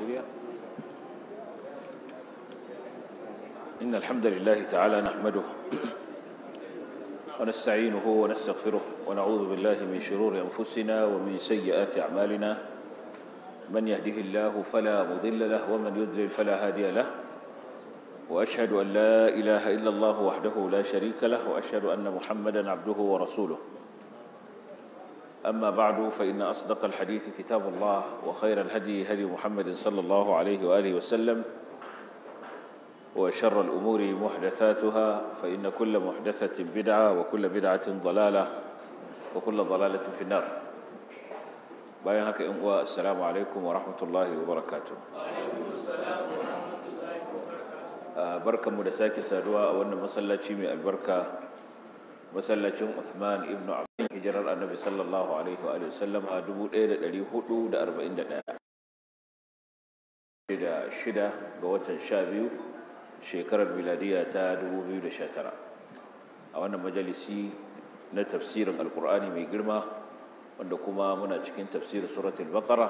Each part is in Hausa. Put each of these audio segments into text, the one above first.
شريعة إن الحمد لله تعالى نحمده ونستعينه ونستغفره ونعوذ بالله من شرور أنفسنا ومن سيئات أعمالنا من يهده الله فلا مضل له ومن يضلل فلا هادي له وأشهد أن لا إله إلا الله وحده لا شريك له وأشهد أن محمدا عبده ورسوله أما بعد فإن أصدق الحديث كتاب الله وخير الهدي هدي محمد صلى الله عليه وآله وسلم وشر الأمور محدثاتها فإن كل محدثة بدعة وكل بدعة ضلالة وكل ضلالة في النار باين هكا السلام عليكم ورحمة الله وبركاته وعليكم السلام ورحمة الله وبركاته بركة مدساكي سادوا وأن مسلتي من البركة masallacin Uthman ibn Affan hijirar Annabi sallallahu alaihi wa sallam a 1441 da shida ga watan sha biyu shekarar miladiya ta 2019 a wannan majalisi na tafsirin alkur'ani mai girma wanda kuma muna cikin tafsirin suratul baqara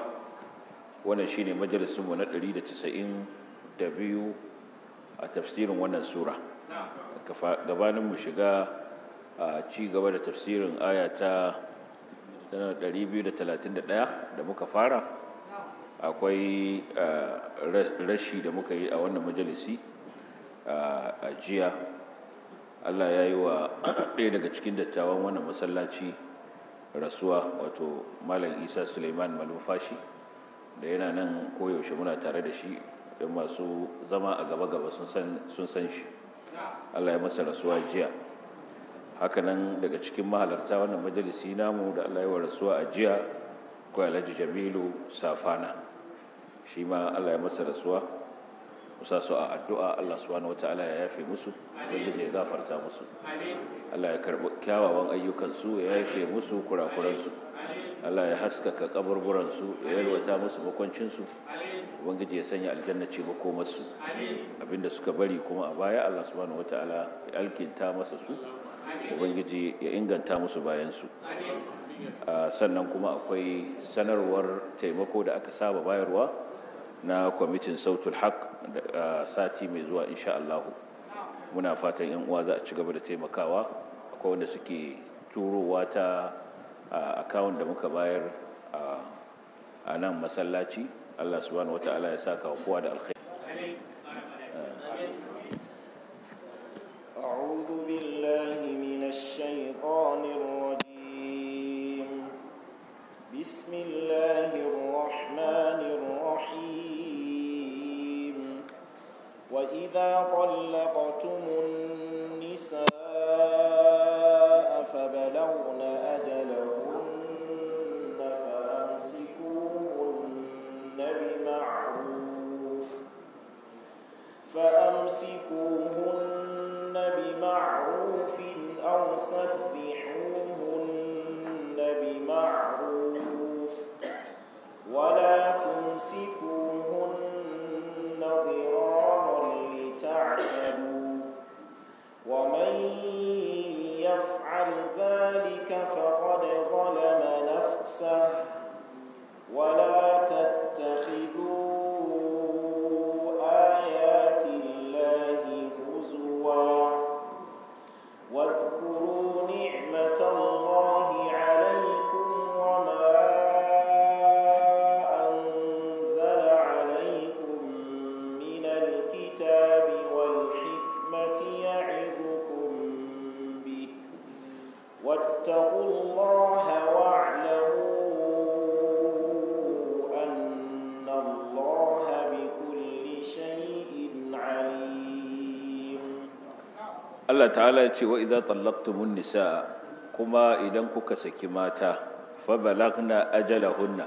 wannan shine majalisinmu na 192 a tafsirin wannan sura gabanin mu shiga a ci gaba da tafsirin aya ta 231 da muka fara akwai rashi da muka yi a wannan majalisi a jiya allah ya yi wa ɗaya daga cikin dattawan wannan masallaci rasuwa wato malam isa suleiman malumfashi da yana nan koyaushe muna tare da shi don masu zama a gaba-gaba sun san shi allah ya masa rasuwa jiya hakanan daga cikin mahalarta wannan majalisi namu da Allah ya rasuwa a jiya ko Alhaji Jamilu Safana shi ma Allah ya masa rasuwa musa su a addu'a Allah subhanahu wataala ya yafe musu wanda ya zafarta musu Allah ya karɓi kyawawan ayyukansu ya yafe musu kurakuransu Allah ya haskaka kaburburansu ya yalwata musu makwancinsu ubangiji ya sanya aljanna ce makomarsu abinda suka bari kuma a baya Allah subhanahu wataala ya alkinta masa su ubangiji ya inganta musu bayansu sannan kuma akwai sanarwar taimako da aka saba bayarwa na kwamitin sautul haq da sati mai zuwa insha allahu muna fatan yan uwa za a ci gaba da taimakawa akwai wanda suke turowa ta akawun da muka bayar a nan masallaci Allah subhanahu wata'ala ya saka kowa da alkhairi ta'ala ya ce wa idza tallaqtumun nisaa kuma idan kuka saki mata fa ajala ajalahunna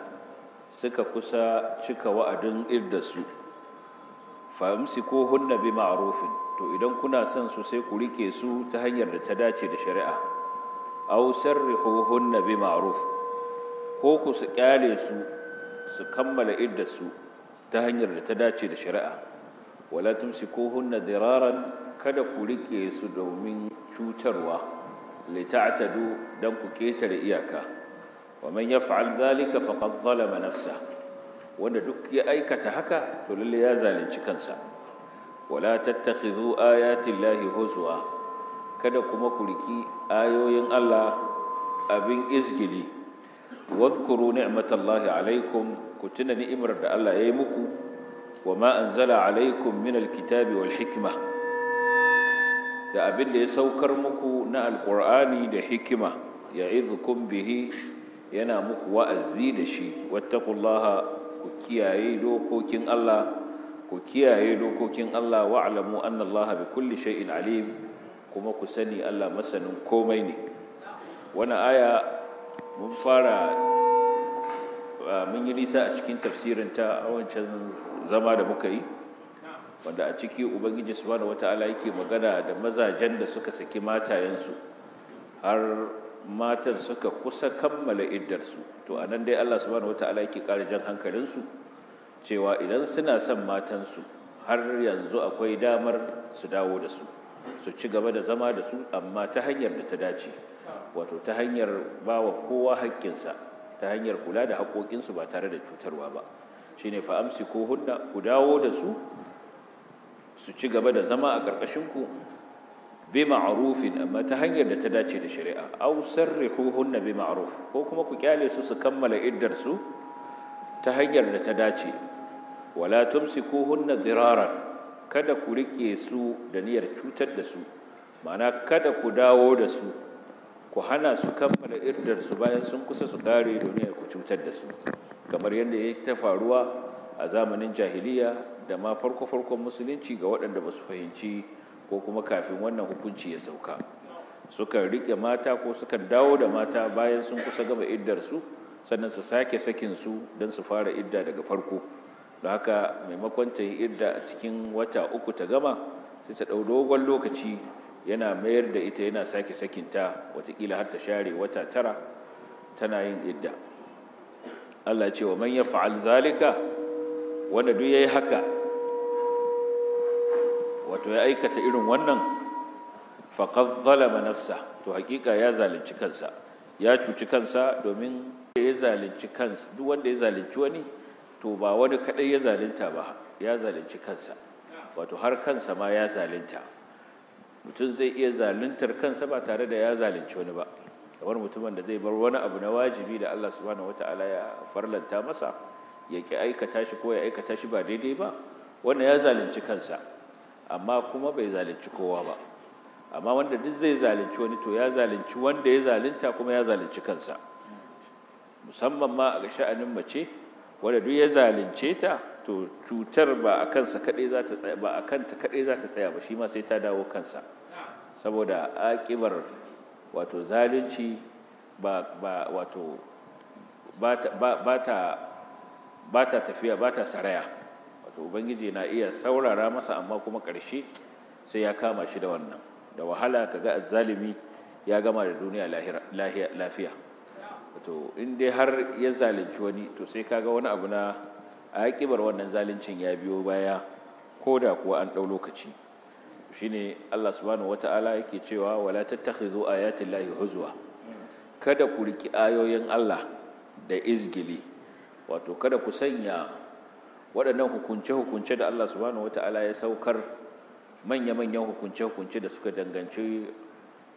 suka kusa cika wa'adin iddasu fa hunna bi ma'rufin to idan kuna son su sai ku rike su ta hanyar da ta dace da shari'a aw sarrihuhunna bi ma'ruf ko ku su kyale su su kammala iddasu ta hanyar da ta dace da shari'a wala tumsikuhunna diraran kada ku rike su domin cutarwa lita'tadu dan ku ketare iyaka wa man yaf'al dhalika faqad zalama nafsa wanda duk ya aikata haka to lalle ya zalunci kansa wala tattakhidhu ayati llahi huzwa kada kuma ku riki ayoyin Allah abin izgili wadhkuru ni'matallahi alaikum ku tuna ni'imar da Allah ya yi muku wa ma anzala alaikum min alkitabi wal da abin da ya saukar muku na alƙur'ani da hikima ya'idhukum bihi yana muku wa'azi da shi wattaqullaha ku kiyaye dokokin Allah ku kiyaye dokokin Allah wa'lamu annallaha Allah bi kulli shay'in alim kuma ku sani Allah masanin komai ne wani aya mun fara ah, mun yi nisa a cikin tafsirinta a wancan zama da muka yi wanda a ciki ubangiji subhanahu wata'ala yake magana da mazajen da suka saki matayensu har matan suka kusa kammala iddarsu to a nan dai allah subhanahu wata'ala yake ƙara jan hankalinsu cewa idan suna son matansu har yanzu akwai damar su dawo da su su ci gaba da zama da su amma ta hanyar da ta dace wato ta hanyar ba wa kowa haƙƙinsa ta hanyar kula da haƙoƙinsu ba tare da cutarwa ba ne fa ko hunna ku dawo da su su ci gaba da zama a ƙarƙashinku? bi ma'arufin amma ta hanyar da ta dace da shari'a aw hunna bi ma'aruf ko kuma ku kyale su su kammala iddarsu? ta hanyar da ta dace wala hunna zirarar kada ku riƙe su da niyyar cutar da su ma'ana kada ku dawo da su ku hana su kammala iddarsu bayan sun kusa su kare domin ku cutar da su kamar yadda ya ta faruwa a zamanin jahiliya da ma farko-farkon musulunci ga waɗanda ba su fahimci ko kuma kafin wannan hukunci ya sauka sukan riƙe mata ko sukan dawo da mata bayan sun kusa gama iddarsu sannan su sake sakinsu don su fara idda daga farko da haka maimakon ta yi idda a cikin wata uku ta gama sai ta ɗau dogon lokaci yana mayar da ita yana sake sakinta watakila har ta share wata tara tana yin idda Allah ce wa man fa’al zalika wanda duk yi haka wato ya aikata irin wannan faƙar zalama nafsa to hakika ya zalunci kansa ya cuci kansa domin ya zalunci kansa duk wanda ya zalunci wani to ba wani kaɗai ya zalunta ba ya zalunci kansa wato har kansa ma ya zalunta mutum zai iya zaluntar kansa ba tare da ya zalunci wani ba kamar mutumin da zai bar wani abu na wajibi da Allah subhanahu wata'ala ya farlanta masa ya ki aikata shi ko ya aikata shi ba daidai ba wanda ya zalunci kansa amma kuma bai zalunci kowa ba amma wanda duk zai zalunci wani to ya zalunci wanda ya zalunta kuma ya zalunci kansa musamman ma a sha'anin mace wanda duk ya zalunce ta to cutar ba a kansa kaɗai za ta tsaya ba a kanta kaɗai za ta tsaya ba shi ma sai ta dawo kansa saboda aƙibar wato zalunci ba ta tafiya ba ta saraya wato ubangiji na iya saurara masa amma kuma ƙarshe sai ya kama shi da wannan da wahala ka ga zalimi ya gama da duniya lafiya wato in dai har ya zalunci wani to sai ka ga wani abu na a wannan zaluncin ya biyo baya ko da kuwa an ɗau lokaci shine Allah subhanahu wata'ala yake cewa wala tattakhidhu ayati llahi huzwa kada ku riki ayoyin Allah da izgili wato kada ku sanya waɗannan hukunce hukunce da Allah subhanahu wata'ala ya saukar manya manyan hukunce hukunce da suka danganci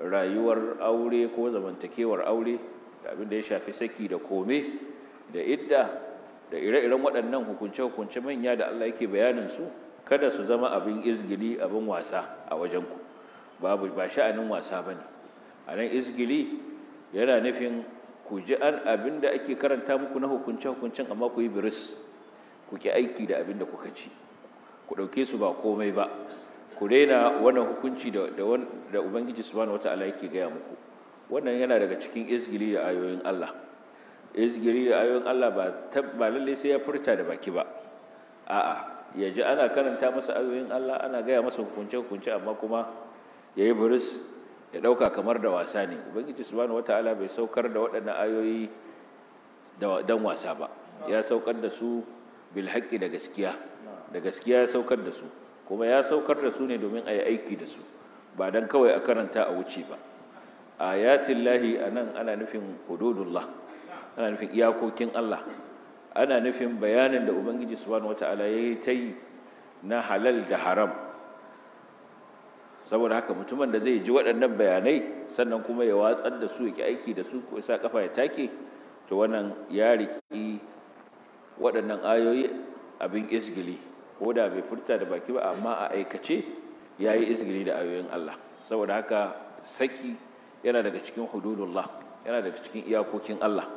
rayuwar aure ko zamantakewar aure da abin da ya shafi saki da kome da idda da ire-iren waɗannan hukunce hukunce manya da Allah yake bayanin su kada su zama abin izgili abin wasa a wajenku babu ba sha'anin wasa ba ne a nan izgili yana nufin ku ji an abin da ake karanta muku na hukuncin-hukuncin amma ku yi biris ku ki aiki da abin da kuka ci ku ɗauke su ba komai ba ku daina wannan hukunci da ubangiji su bani wata ala yake gaya muku wannan yana daga cikin izgili da ayoyin Allah izgili da ayoyin Allah ba lallai sai ya furta da baki ba a'a ya ji ana karanta masa ayoyin Allah ana gaya masa hukunce hukunce amma kuma ya yi buris ya ɗauka kamar da wasa ne ubangiji wata ala bai saukar da waɗannan ayoyi don wasa ba ya saukar da su bil da gaskiya da gaskiya ya saukar da su kuma ya saukar da su ne domin a yi aiki da su ba don kawai a karanta a wuce ba ayatin lahi a nan ana nufin hududullah ana nufin iyakokin Allah ana nufin bayanin da ubangiji subhanahu wata'ala ya yi ta yi na halal da haram saboda haka mutumin da zai ji waɗannan bayanai sannan kuma ya watsar da su ya aiki da su ko sa kafa ya take to wannan ya riki waɗannan ayoyi abin isgili ko da bai furta da baki ba amma a aikace ya yi isgili da ayoyin Allah saboda haka saki yana daga cikin hududullah yana daga cikin iyakokin Allah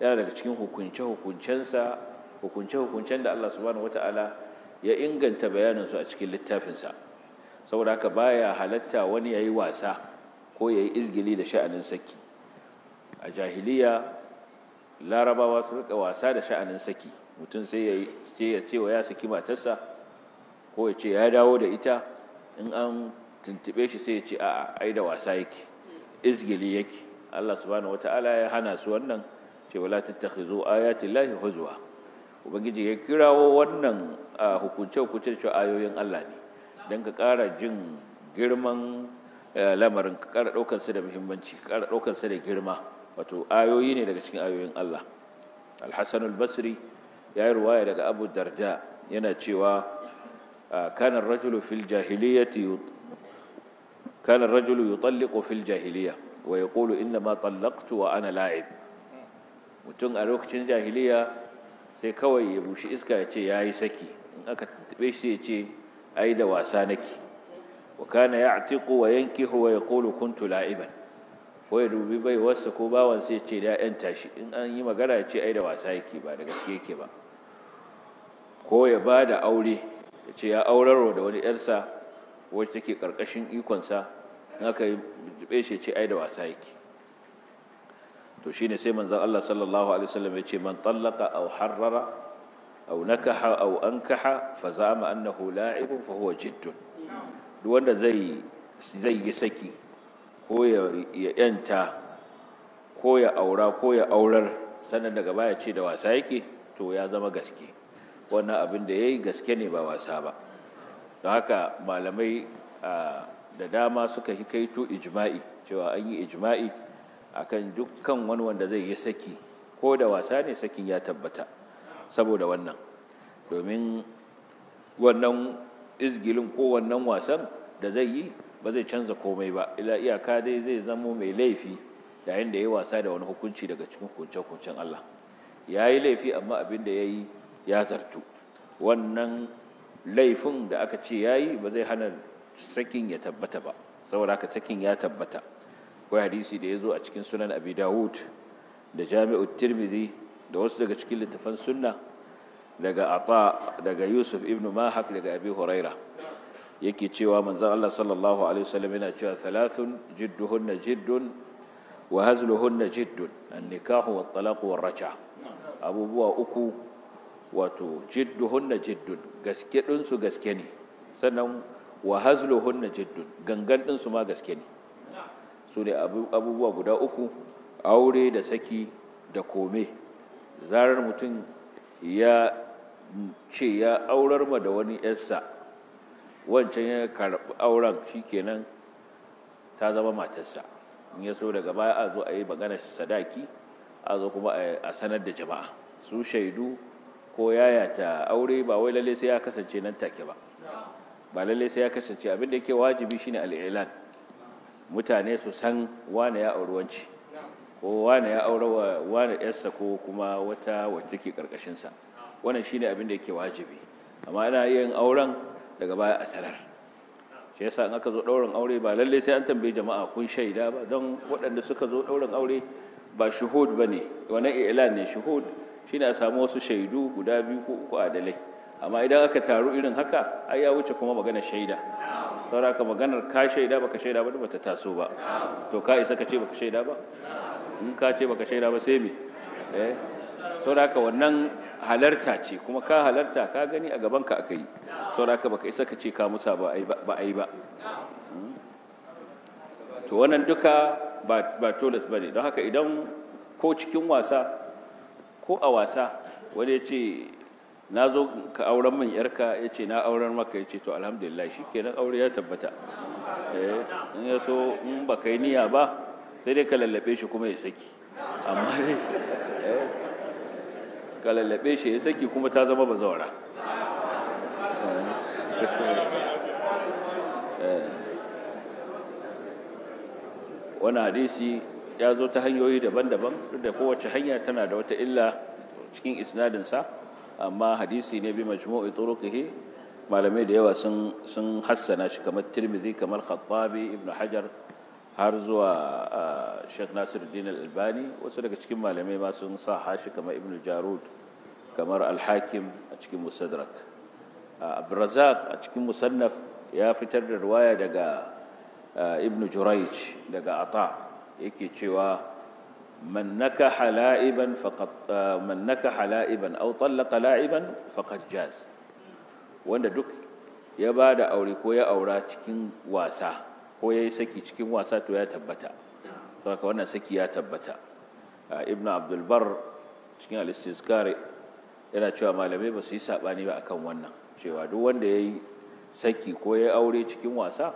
yana daga cikin hukunce-hukuncensa hukunce-hukuncen da Allah subhanahu ta'ala ya inganta bayaninsu a cikin littafinsa saboda haka baya halatta wani ya yi wasa ko ya yi izgili da sha'anin saki a jahiliya larabawa su rika wasa da sha'anin saki mutum sai ya ce wa ya saki matarsa ko ya ce ya dawo da ita in an tuntube shi sai ya ce a'a ai da wasa yake izgili yake Allah subhanahu ta'ala ya hana su wannan ce wala tattakhizu ayati llahi huzwa ubangiji ya kirawo wannan hukunce hukunce cewa ayoyin Allah ne dan ka kara jin girman eh, lamarin ka ƙara ɗaukar da muhimmanci ka kara ɗaukar da girma wato ayoyi ne daga cikin ayoyin Allah al basri ya yi ruwaya daga Abu Darja. yana cewa "Kanan rajulu fil jahiliyyati kana ar-rajulu yutalliqu fil jahiliyya wa yaqulu inna ma tallaqtu wa ana la'ib mutum a lokacin jahiliya sai kawai ya bushi iska ya ce ya yi saki in aka tuntube shi ya ce ai da wasa nake wa kana atiku wa yankihu wa yaqulu kuntu la'iban ko ya dubi bai wasa ko bawan sai ce da yan tashi in an yi magana ya ce ai da wasa yake ba da gaske yake ba ko ya ba da aure ya ce ya aurarwa da wani yarsa wacce take karkashin ikonsa in aka yi shi ya ce ai da wasa yake to shine sai manzon Allah sallallahu alaihi wasallam ya ce man tallaqa aw harrara aw nakaha aw ankaha fa zama annahu la'ibun fa huwa jiddun duk wanda zai zai yi saki ko ya yanta ko ya aura ko ya aurar sannan daga baya ce da wasa yake to ya zama gaske wannan abin da yayi gaske ne ba wasa ba don haka malamai ah, da dama suka hikaito ijma'i cewa an yi ijma'i akan dukkan wani wanda zai yi saki ko da wasa ne sakin ya tabbata saboda wannan domin wannan izgilin ko wannan wasan da zai yi ba zai canza komai ba ila iyaka dai zai zamo mai laifi yayin da ya wasa da wani hukunci daga cikin kunce hukuncen Allah ya yi laifi amma abin da ya yi ya zartu wannan laifin da aka ce ya yi ba zai hana sakin ya tabbata ba saboda haka sakin ya tabbata akwai hadisi da ya zo a cikin sunan abi dawud da jami'ut tirmidhi da wasu daga cikin littafan sunna daga ata daga yusuf ibnu mahak daga abi huraira yake cewa manzon Allah sallallahu alaihi wasallam yana cewa thalathun jidduhunna jiddun wa hazluhunna jiddun an-nikahu wat talaqu war raja abubuwa uku wato jidduhunna jiddun gaske din gaske ne sannan wa hazluhunna jiddun gangan din ma gaske ne su ne abubuwa guda uku aure da saki da kome zarar mutum ya ce ya aurar ma da wani yarsa wancan ya karɓi auren kenan ta zama matarsa in ya so daga baya a zo a yi maganar sadaki a zo kuma a sanar da jama'a su shaidu ko yayata aure ba wai lalle sai ya kasance nan take ba ba lalle sai ya kasance abin da yake wajibi shine al'ilan mutane su san wane ya auri wanci ko wane ya aure wa wane yarsa ko kuma wata wacce take karkashinsa wannan shine abin da yake wajibi amma ana yin auren daga baya a sanar shi yasa in aka zo ɗaurin aure ba lallai sai an tambayi jama'a kun shaida ba don waɗanda suka zo ɗaurin aure ba shuhud ba ne wani ilan ne shuhud shine a samu wasu shaidu guda biyu ko uku adalai amma idan aka taru irin haka ai ya wuce kuma magana shaida saura ka maganar ka shaida baka shaida ba bata taso ba to ka isa ka ce baka shaida ba in ka ce baka shaida ba sai me eh saura ka wannan halarta ce kuma ka halarta ka gani a gaban ka aka yi ka baka isa ka ce ka musa ba ai ba hmm? to wannan duka ba tolas ba ne don haka idan ko cikin wasa ko a wasa wani ya ce na zo ka auren min yarka ya ce na auren maka ya ce to alhamdulillah shi kenan aure ya tabbata eh, in ya so in ba ka yi niyya ba sai dai ka lallaɓe shi kuma ya saki amma dai eh, ka lallaɓe shi ya saki kuma ta zama ba zaura eh, wani hadisi ya zo ta hanyoyi daban-daban da kowace hanya tana da wata illa cikin isnadinsa amma hadisi ne bi majmu'i turuqihi malamai da yawa sun sun hassana shi kamar Tirmidhi kamar Khattabi Ibn Hajar har zuwa Sheikh Nasiruddin Al-Albani wasu daga cikin malamai ma sun sa hashi kamar Ibn Jarud kamar alhakim a cikin Musadrak Abdurrazzaq a cikin Musannaf ya fitar da riwaya daga Ibn Jurayj daga Ata yake cewa Mannaka hala'iban la'iban faqad ah, la'iban aw jaz wanda duk ya bada aure ko ya aura cikin wasa ko yi saki cikin wasa to ya tabbata saboda wannan saki ya tabbata ah, ibnu abdul bar cikin al yana cewa malamai ba su yi sabani ba akan wannan cewa duk wanda ya yi saki ko ya aure cikin wasa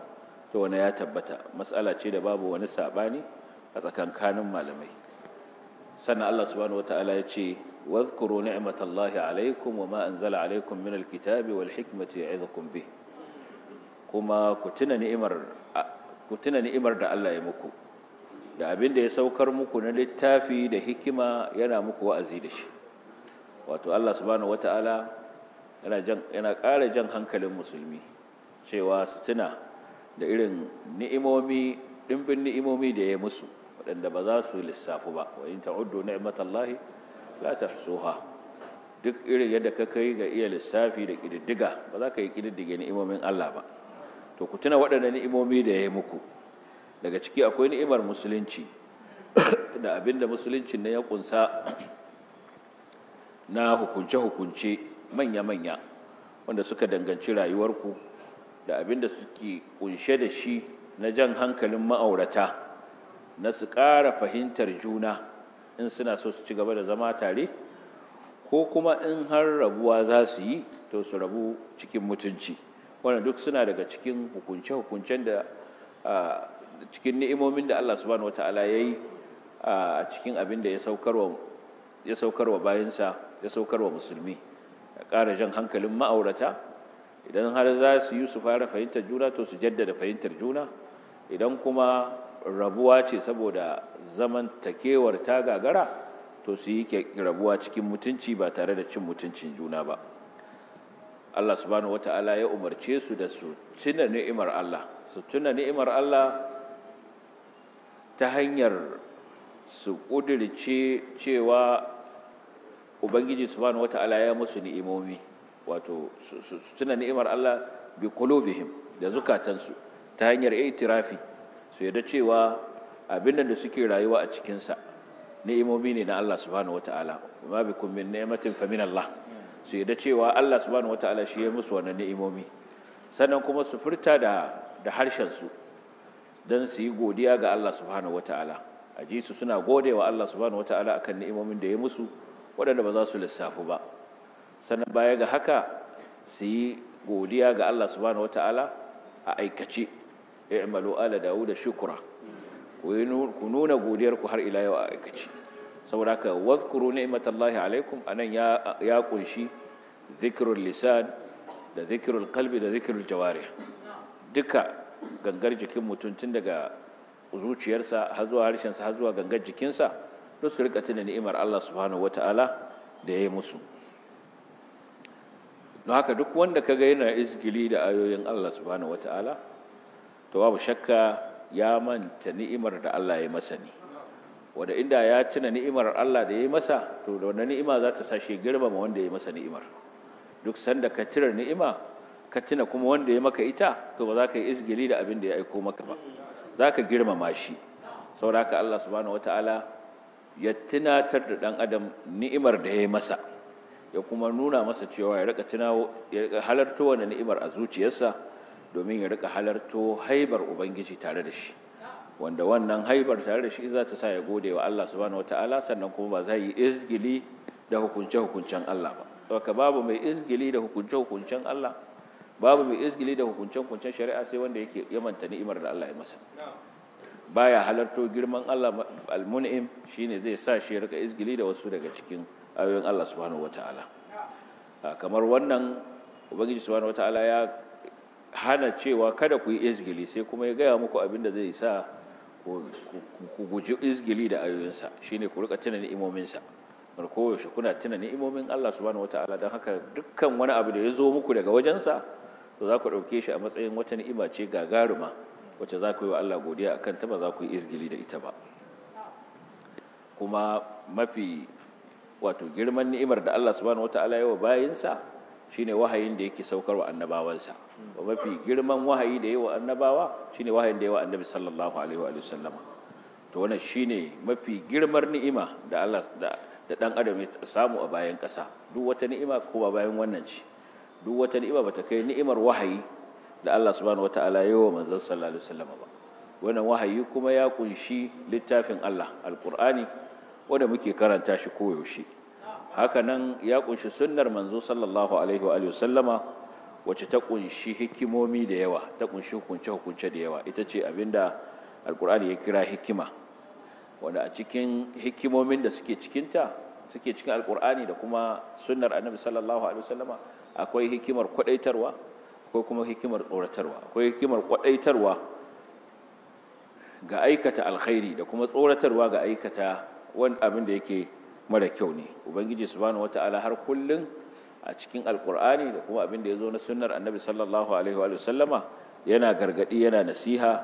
to wannan ya tabbata matsala ce da babu wani sabani a tsakankanin malamai sannan Allah subhanahu ya ce واذكروا نعمة الله عليكم وما أنزل عليكم من الكتاب والحكمة يعظكم به كما كتنا نئمر كتنا نئمر دا الله يمكو da abin da ya saukar muku na littafi da hikima yana muku wa'azi da shi wato Allah subhanahu wata'ala yana jan ƙara jan hankalin musulmi cewa su tuna da irin ni'imomi ni'imomi da ya musu waɗanda ba za su lissafi ba wa in ta'uddu ni'matallahi la tahsuha duk irin yadda ka kai ga iya lissafi da ƙididdiga ba za ka yi ƙididdige ni'imomin Allah ba to ku tuna waɗanda ni'imomi da ya yi muku daga ciki akwai ni'imar musulunci da abinda musulunci na ya kunsa na hukunce-hukunce manya-manya wanda suka danganci rayuwarku da abinda suke kunshe da shi na jan hankalin ma'aurata na su ƙara fahimtar juna in suna so su ci gaba da zama tare ko kuma in har rabuwa za su yi to su rabu cikin mutunci wannan duk suna daga cikin hukunce-hukuncen da cikin ni'imomin da Allah subhanahu wata'ala ya yi a cikin abin da ya saukarwa bayansa ya saukarwa musulmi ya ƙara jan hankalin ma'aurata idan har za su yi su fara fahimtar juna to su jaddada fahimtar juna idan kuma rabuwa ce saboda zaman takewar ta gagara to su yi rabuwa cikin mutunci ba tare da cin mutuncin juna ba Allah subhanahu Ta'ala ya umarce su da su tuna ni'imar Allah su tuna ni'imar Allah ta hanyar su ƙudirce cewa ubangiji subhanahu Ta'ala ya musu ni'imomi wato su tuna ni'imar Allah bi qulubihim da zukatansu ta hanyar itirafi su yadda cewa abin da suke rayuwa a cikinsa ni'imomi ne na Allah subhanahu wata'ala ma kun min ni'matin fa min Allah su yadda cewa Allah subhanahu wata'ala shi ya musu wannan ni'imomi sannan kuma su furta da da harshen su dan su yi godiya ga Allah subhanahu wata'ala a ji su suna gode wa Allah subhanahu wata'ala akan ni'imomin da ya musu waɗanda ba za su lissafu ba sannan baya ga haka su yi godiya ga Allah subhanahu wata'ala a aikace i'malu ala dawuda shukra ku nuna godiyar ku har ila yau a aikace saboda haka wazkuru ni'matallahi alaikum anan ya ya kunshi zikrul lisan da zikrul qalbi da zikrul jawari duka gangar jikin mutum tun daga zuciyarsa har zuwa harshensa har zuwa gangar jikinsa duk su rika tuna ni'imar Allah subhanahu wata'ala da ya musu don haka duk wanda kaga yana izgili da ayoyin Allah subhanahu wata'ala to babu shakka ya manta ni'imar da Allah ya masa ne wanda inda ya tuna ni'imar Allah da ya yi masa to da wannan ni'ima za ta sashe girmama wanda ya masa ni'imar duk sanda ka tira ni'ima ka tuna kuma wanda ya maka ita to ba za ka yi izgili da abin da ya aiko maka ba za ka girmama shi saboda haka Allah subhanahu wataala ya tunatar da dan adam ni'imar da ya yi masa ya kuma nuna masa cewa ya rika tunawo ya halarto ni'imar a zuciyarsa domin ya rika halarto haibar ubangiji tare da shi wanda wannan haibar tare da shi za ta sa ya gode wa Allah subhanahu wataala sannan kuma ba za yi izgili da hukunce hukuncen Allah ba saboda babu mai izgili da hukunce hukuncen Allah babu mai izgili da hukuncen hukuncen shari'a sai wanda yake yamanta ni'imar da Allah ya masa baya halarto girman Allah al-mun'im al-mun'im shine zai sa shi ya rika izgili da wasu daga cikin ayoyin Allah subhanahu wataala kamar wannan ubangiji subhanahu wataala ya hana cewa kada ku yi izgili sai kuma ya gaya muku abin da zai sa ku guji izgili da ayoyinsa shine ku rika tuna ni'imominsa bar yaushe kuna tuna ni'imomin Allah subhanahu wataala don haka dukkan wani abu da ya zo muku daga wajensa to za ku ɗauke shi a matsayin wata ni'ima ce gagaruma wacce za ku yi wa Allah godiya akan ta ba za ku yi izgili da ita ba kuma mafi wato girman ni'imar da Allah subhanahu wataala ya bayinsa shine wahayin da yake saukarwa annabawansa ba mafi girman wahayi da yawa annabawa shine wahayin da yawa annabi sallallahu alaihi wa sallam to wannan shine mafi girmar ni'ima da Allah da dan adam ya samu a bayan ƙasa duk wata ni'ima ko ba bayan wannan ce duk wata ni'ima bata kai ni'imar wahayi da Allah subhanahu wataala ya wa manzon sallallahu alaihi wasallam ba wannan wahayi kuma ya kunshi littafin Allah alqur'ani wanda muke karanta shi koyaushe haka nan ya kunshi sunnar manzo sallallahu alaihi wa sallama wacce ta kunshi hikimomi da yawa ta kunshi hukunce hukunce da yawa ita ce abinda alkur'ani ya kira hikima wanda a cikin hikimomin da suke cikinta suke cikin alkur'ani da kuma sunnar annabi sallallahu alaihi wasallama akwai hikimar kwadaitarwa akwai kuma hikimar tsoratarwa akwai hikimar kwadaitarwa ga aikata alkhairi da kuma tsoratarwa ga aikata wani abin da yake mara kyau ne ubangiji subhanahu wata'ala har kullum a cikin alkur'ani da kuma abin da ya zo na sunnar annabi sallallahu alaihi wa sallama yana gargadi yana nasiha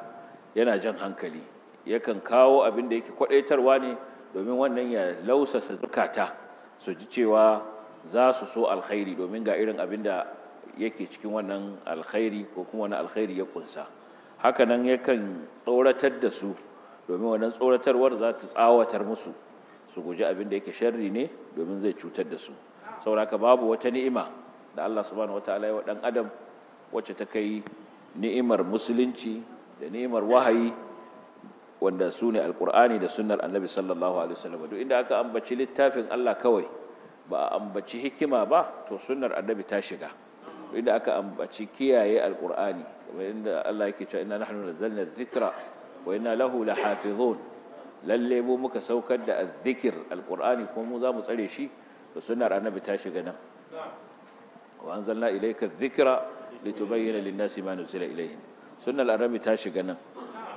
yana jan hankali yakan kawo abin da yake kwadaitarwa ne domin wannan ya lausasa zukata su ji cewa za su so alkhairi domin ga irin abin da yake cikin wannan alkhairi ko kuma wani alkhairi ya kunsa hakanan yakan tsoratar da su domin wannan tsoratarwar za ta tsawatar musu su guji abin da yake sharri ne domin zai cutar da su sauraka babu wata ni'ima da Allah subhanahu wataala ya dan adam wacce ta kai ni'imar musulunci da ni'imar wahayi wanda su ne alkur'ani da sunnar annabi sallallahu alaihi wasallam duk inda aka ambaci littafin Allah kawai ba a ambaci hikima ba to sunnar annabi ta shiga inda aka ambaci kiyaye alkur'ani kamar inda Allah yake cewa inna nahnu nazzalna dhikra wa inna lahu lahafizun lalle mu muka saukar da zikir alkur'ani kuma mu za mu tsare shi da sunnar annabi ta shiga nan wa anzalna ilayka dhikra litubayyana lin-nasi ma nuzila ilayhim sunnar annabi ta shiga nan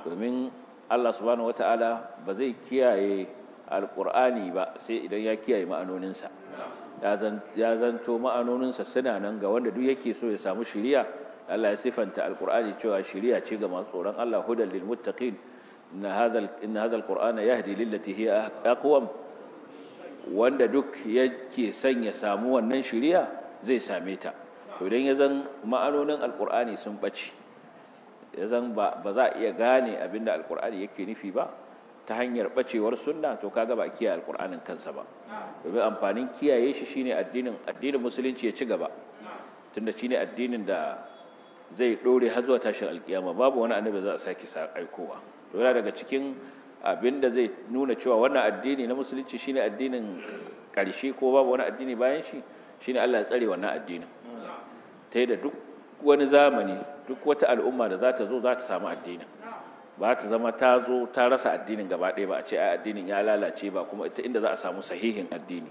domin Allah subhanahu wata'ala ba zai kiyaye alqur'ani ba sai idan ya kiyaye ma'anoninsa ya zanto ma'anoninsa suna nan ga wanda duk yake so ya samu shiriya Allah ya sifanta alqur'ani cewa shiriya ce ga masu tsoron Allah hudan lil muttaqin إن هذا إن هذا القرآن يهدي للتي هي أقوم wanda duk yake son ya samu wannan shiriya zai same ta idan ya zan ma'anonin alkur'ani sun ɓace ya zan ba za a iya gane abin da alkur'ani yake nufi ba ta hanyar ɓacewar sunna to kaga ba kiyaye alkur'anin kansa ba domin amfanin kiyaye shi shine addinin addinin musulunci ya ci gaba tunda shine addinin da zai ɗore har zuwa tashin alkiyama babu wani annabi za a sake aikowa to daga cikin abin da zai nuna cewa wannan addini na musulunci shine addinin karshe ko babu wani addini bayan shi shine Allah ya tsare wannan addinin ta da duk wani zamani duk wata al'umma da za ta zo za ta samu addinin ba ta zama ta zo ta rasa addinin gaba ɗaya ba a ce ai addinin ya lalace ba kuma ita inda za a samu sahihin addini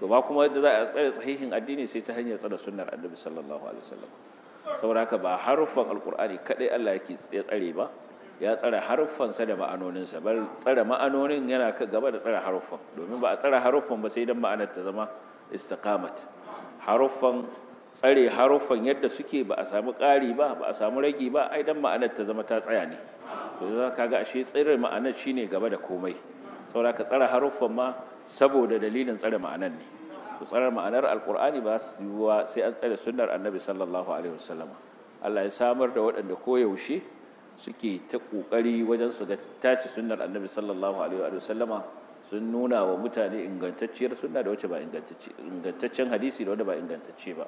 to ba kuma yadda za a tsare sahihin addini sai ta hanyar tsare sunnar annabi sallallahu alaihi wasallam saboda haka ba harufan alqur'ani kadai Allah yake ya tsare ba ya tsare haruffansa da ma'anoninsa bal tsare ma'anonin yana gaba da tsare haruffan domin ba a tsare haruffan ba sai dan ma'anar ta zama istiqamat haruffan tsare haruffan yadda suke ba a samu ƙari ba ba a samu ragi ba ai dan ma'anar ta zama ta tsaya ne to za ka ga ashe tsare ma'anar shine gaba da komai saboda ka tsare haruffan ma saboda dalilin tsare ma'anar ne to tsare ma'anar alqur'ani ba su yiwuwa sai an tsare sunnar annabi sallallahu alaihi wasallam Allah ya samar da waɗanda koyaushe suke ta ƙoƙari wajen su ga tace sunnar annabi sallallahu alaihi wa sallama sun nuna wa mutane ingantacciyar sunna da wacce ba ingantaccen hadisi da wanda ba ingantacce ba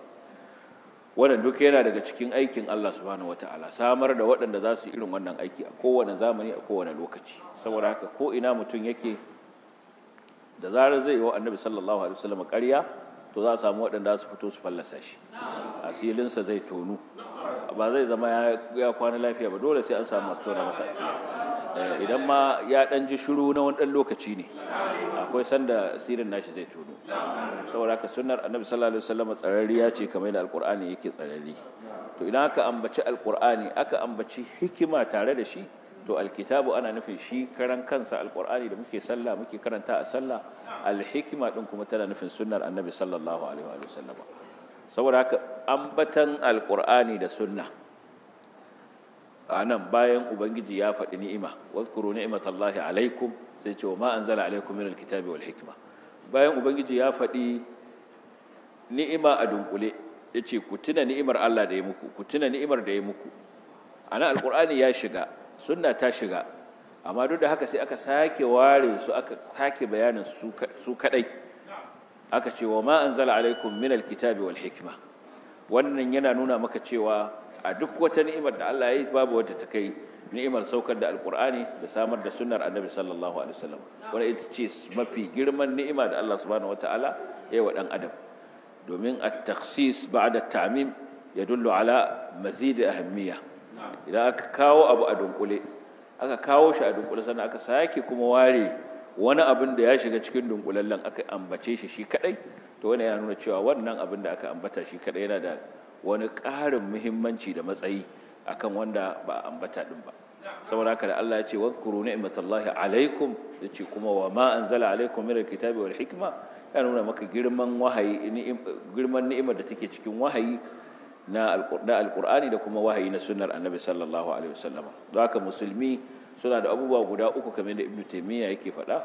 wannan duk yana daga cikin aikin Allah subhanahu wataala samar da waɗanda za su irin wannan aiki a kowane zamani a kowane lokaci saboda haka ko ina mutum yake da zarar zai yi wa annabi sallallahu alaihi wasallam ƙarya to za a samu waɗanda za su fito su fallasa shi asilinsa zai tonu ba zai zama ya kwana lafiya ba dole sai an samu masu tona masa eh, idan ma ya dan ji shiru na wani dan lokaci ne akwai sanda asirin nashi zai tono saboda haka sunnar annabi sallallahu alaihi wasallam tsararriya ce kamar da alqur'ani yake tsararri to idan aka ambaci alqur'ani aka ambaci hikima tare da shi to alkitabu ana nufin shi karan kansa alqur'ani da muke sallah muke karanta a sallah alhikima din kuma tana nufin sunnar annabi sallallahu alaihi wasallam saboda haka ambatan Alƙur'ani da sunna a nan bayan ubangiji ya faɗi ni'ima wazkuru ni'matallahi alaikum sai ce wa ma anzala alaikum min alkitabi wal hikma bayan ubangiji ya faɗi ni'ima a dunkule ya ce ku tuna ni'imar Allah da ya muku ku tuna ni'imar da ya muku a nan alƙur'ani ya shiga sunna ta shiga amma duk da haka sai aka sake ware su aka sake bayanin su kaɗai aka ce wa ma anzala alaikum min alkitabi wal hikima wannan yana nuna maka cewa a duk wata ni'imar da Allah ya yi babu wata ta kai ni'imar saukar da alkur'ani da samar da sunnar annabi sallallahu alaihi wasallam ita ce mafi girman ni'ima da Allah subhanahu wataala ya wa ɗan adam domin at-takhsis ba'da at-ta'mim yadullu ala mazid ahammiya idan aka kawo abu a dunkule aka kawo shi a dunkule sannan aka sake kuma ware wani abin da ya shiga cikin dunkulallen aka ambace shi shi kadai to wani ya nuna cewa wannan abin da aka ambata shi kadai yana da wani ƙarin muhimmanci da matsayi akan wanda ba a ambata din ba saboda haka da Allah ya ce wadhkuru ni'matallahi alaikum yace kuma wa ma anzala alaikum min alkitabi wal hikma ya nuna maka girman wahayi girman ni'imar da take cikin wahayi na alqur'ani da kuma wahayi na sunnar annabi sallallahu alaihi wasallam don haka musulmi suna da abubuwa guda uku kamar da ibnu taimiyya yake faɗa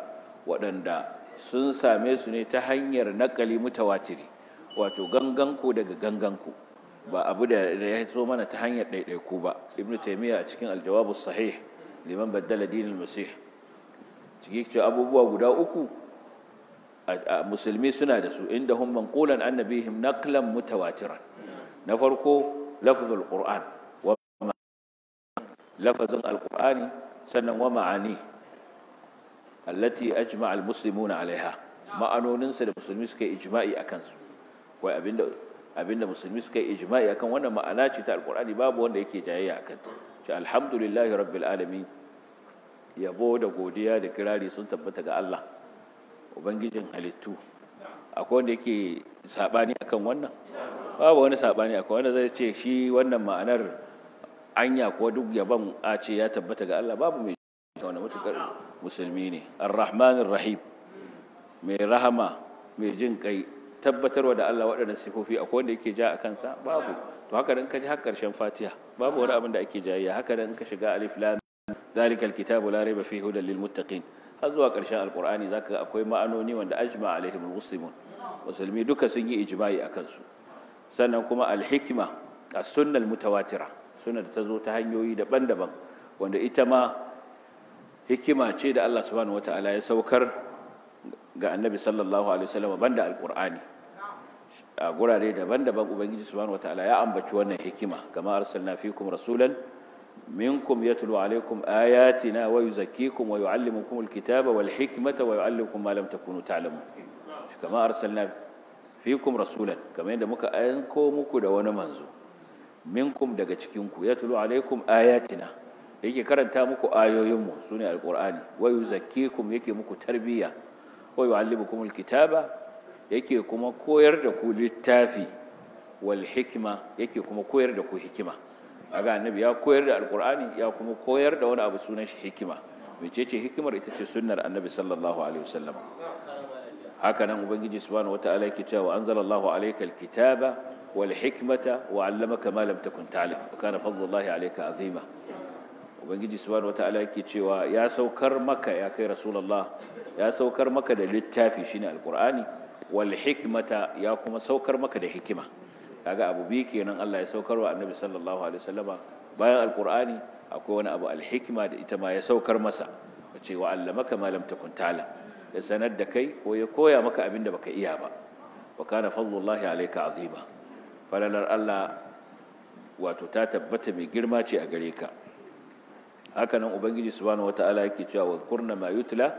waɗanda sun same su ne ta hanyar nakali mutawatiri wato ganganku daga ganganku ba abu da ya so mana ta hanyar ɗaiɗaiku ba ibnu taimiyya a cikin aljawabu sahih liman baddala dinin masih ciki ce abubuwa guda uku musulmi suna da su inda hum manqulan annabihim naqlan mutawatiran na farko lafzul qur'an lafazin alqur'ani sannan wa ma'ani allati ajma al muslimuna alaiha ma'anoninsa da musulmi suka yi ijma'i a kansu wai abinda abinda musulmi suka yi ijma'i akan wannan ma'ana ce ta alqur'ani babu wanda yake jayayya akan ta ce alhamdulillahi rabbil alamin yabo da godiya da kirari sun tabbata ga Allah ubangijin halittu akwai wanda yake sabani akan wannan babu wani sabani akwai wanda zai ce shi wannan ma'anar anya kuwa duk yaban a ce ya tabbata ga Allah babu mai ta wani matukar musulmi ne ar-rahmanir rahim mai rahama mai jin kai tabbatarwa da Allah waɗannan sifofi akwai wanda yake ja a kansa babu to haka dan ka ji har karshen Fatiha babu wani abin da ake jayayya haka dan ka shiga alif lam zalikal kitabu la raiba fihi hudal lil muttaqin har zuwa ƙarshen alkur'ani zaka ga akwai ma'anoni wanda ajma alaihimul muslimun musulmi duka sun yi ijma'i a kansu sannan kuma Al-hikma a sunnal mutawatira suna da ta zo ta hanyoyi daban-daban wanda ita ma hikima ce da Allah subhanahu wata'ala ya saukar ga annabi sallallahu alaihi wasallam banda alqur'ani a gurare daban-daban ubangiji subhanahu wata'ala ya ambaci wannan hikima kama arsalna fikum rasulan minkum yatlu alaikum ayatina wa yuzakkikum wa yuallimukum alkitaba wal hikmata wa yuallimukum ma lam takunu ta'lamun kama arsalna fikum rasulan kamar yadda muka aiko muku da wani manzo minkum daga cikinku ya tulu alaikum ayatina da yake karanta muku ayoyinmu su ne alƙur'ani wa yuzakkikum yake muku tarbiyya wa yu'allimukum alkitaba yake kuma koyar da ku littafi wal hikma yake kuma koyar da ku hikima aga annabi ya koyar da alƙur'ani ya kuma koyar da wani abu sunan shi hikima mecece hikimar ita ce sunnar annabi sallallahu alaihi wasallam haka nan ubangiji subhanahu wataala yake cewa anzalallahu alaikal kitaba wal hikmata wa 'allamaka ma lam fadlullahi 'azima ubangiji subhanahu wataala yake cewa ya saukar maka ya kai rasulullah ya saukar maka da littafi shine alqur'ani wal hikmata ya kuma saukar maka da hikima kaga abu bi kenan Allah ya saukar wa annabi sallallahu alaihi wasallama bayan alqur'ani akwai wani abu alhikma da ita ma ya saukar masa wace wa allamaka ma lam takun ta'lam ya sanar da kai ko ya koya maka abin da baka iya ba wa kana fadlullahi alayka azima falalar Allah wato ta tabbata mai girma ce a gare ka hakanan ubangiji subhanahu wataala yake cewa kurna ma yutla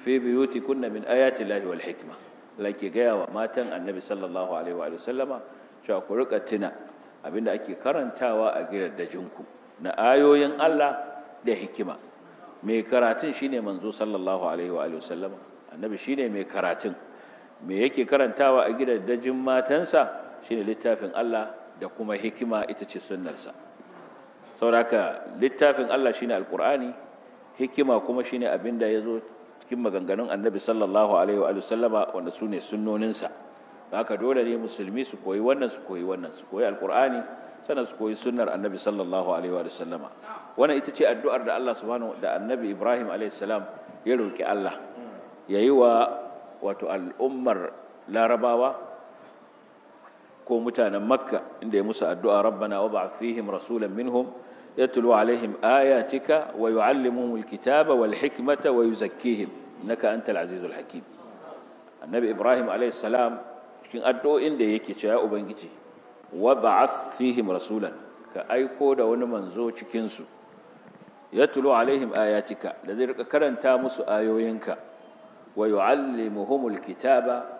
fi buyutikunna min ayati llahi wal hikma lake gaya wa matan annabi sallallahu alaihi wa sallama cewa ku rika tuna abinda ake karantawa a gidaddajinku na ayoyin Allah da hikima mai karatun shine manzo sallallahu alaihi wa sallama annabi shine mai karatun me yake karantawa a dajin matansa shine littafin Allah da kuma hikima ita ce sunnarsa sauraka littafin Allah shine alqur'ani hikima kuma shine abin da ya zo cikin maganganun annabi sallallahu alaihi wa sallama wanda su ne sunnoninsa haka dole ne musulmi su koyi wannan su koyi wannan su koyi alqur'ani sannan su koyi sunnar annabi sallallahu alaihi wa sallama wannan ita ce addu'ar da Allah subhanahu da annabi Ibrahim alaihi salam ya roki Allah yayi wa wato al'ummar larabawa ko mutanen makka inda ya musu addu'a rabbana wa ba'ath fihim rasulan minhum yatlu alaihim ayatika wa yu'allimuhum alkitaba wal hikmata wa yuzakkihim innaka antal azizul hakim annabi ibrahim alayhi salam cikin addu'o'in da yake cewa ya ubangiji wa ba'ath fihim rasulan ka aiko da wani manzo cikin su yatlu alaihim ayatika da zai rika karanta musu ayoyinka wa yu'allimuhum alkitaba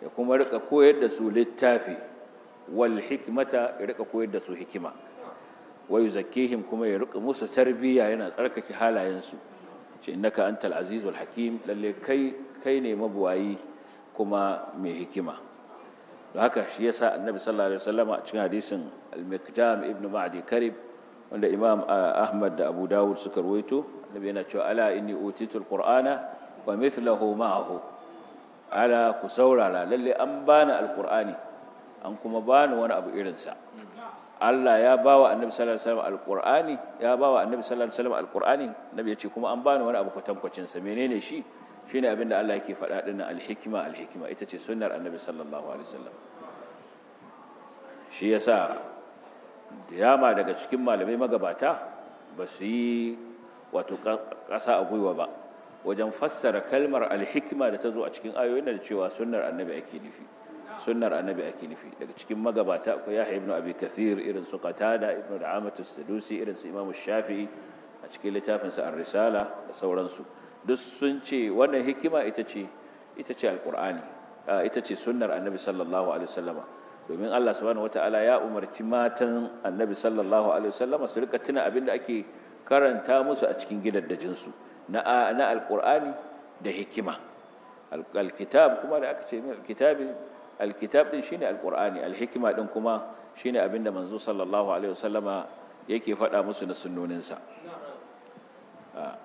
ya kuma rika koyar da su littafi Walhikimata ya rika koyar da su hikima wa yuzakkihim kuma ya rika musu tarbiyya yana tsarkake halayensu ce innaka antal azizul hakim lalle kai kai ne mabuwayi kuma mai hikima don haka shi yasa annabi sallallahu alaihi wasallama a cikin hadisin al-mikdam ibn ma'di karib wanda imam ah, ahmad da abu dawud suka ruwaito annabi yana cewa ala inni utitul qur'ana wa mithluhu ma'ahu ala ku saurara lalle an bani alqur'ani an kuma bani wani abu irinsa Allah ya ba wa annabi sallallahu alaihi wasallam alqur'ani ya ba wa annabi sallallahu alaihi wasallam alqur'ani nabi ya ce kuma an bani wani abu kwatankwacin sa menene shi shine abin da Allah yake faɗa dinnan alhikma alhikma ita ce sunnar annabi sallallahu alaihi wasallam shi yasa yama daga cikin malamai magabata ba su yi wato ƙasa a gwiwa ba wajen fassara kalmar alhikima da ta zo a cikin ayoyin da cewa sunnar annabi ake nufi sunnar annabi ake nufi daga cikin magabata akwai yahya ibnu abi kathir irin su qatada ibnu da'amatu sadusi irin su imamu shafi'i a cikin littafin sa ar-risala da sauransu duk sun ce wannan hikima ita ce ita ce alqur'ani ita ce sunnar annabi sallallahu alaihi wasallama domin Allah subhanahu wataala ya umarci matan annabi sallallahu alaihi wasallama su rika tuna abin da ake karanta musu a cikin gidaddajinsu na na alqur'ani da hikima alkitab kuma da aka ce min alkitabi alkitab din shine alqur'ani alhikima din kuma shine abinda manzo sallallahu alaihi wasallama yake faɗa musu na sunnoninsa ah.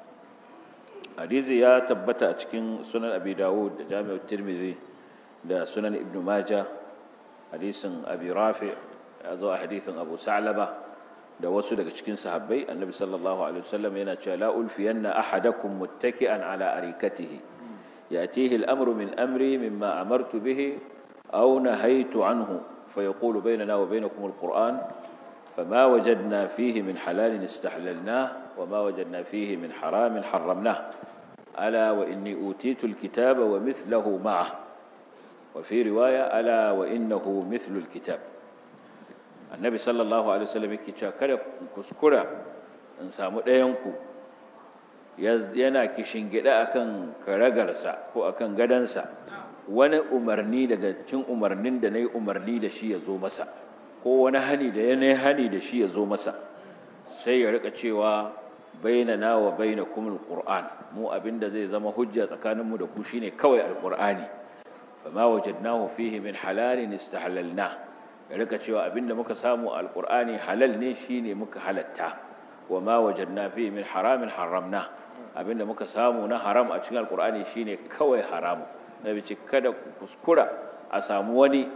hadisi ya tabbata a cikin sunan abi dawud da jami'ar tirmidhi da sunan ibnu maja hadisin abi rafi ya zo a hadisin abu sa'laba da wasu daga cikin sahabbai annabi sallallahu alaihi wasallam yana cewa la ulfiyanna ahadakum muttaki'an ala arikatihi yatihi al-amru min amri mimma amartu أو نهيت عنه فيقول بيننا وبينكم القرآن فما وجدنا فيه من حلال استحللناه وما وجدنا فيه من حرام حرمناه ألا وإني أوتيت الكتاب ومثله معه وفي رواية ألا وإنه مثل الكتاب النبي صلى الله عليه وسلم yake cewa إن ku kuskura in samu ɗayanku yana kishingida akan karagarsa wani umarni daga cikin umarnin da na yi umarni da shi ya zo masa ko wani hani da ya hani da shi ya zo masa sai ya rika cewa bainana wa bainakum alquran mu abinda zai zama hujja tsakaninmu da ku shine kawai alqurani fama wajadnahu fihi min halalin istahlalna ya rika cewa abinda muka samu alqurani halal ne shine muka halatta wa ma wajadna fihi min haramin haramna abinda muka samu na haram a cikin alqurani shine kawai haramu na ce kada ku kuskura a samu wani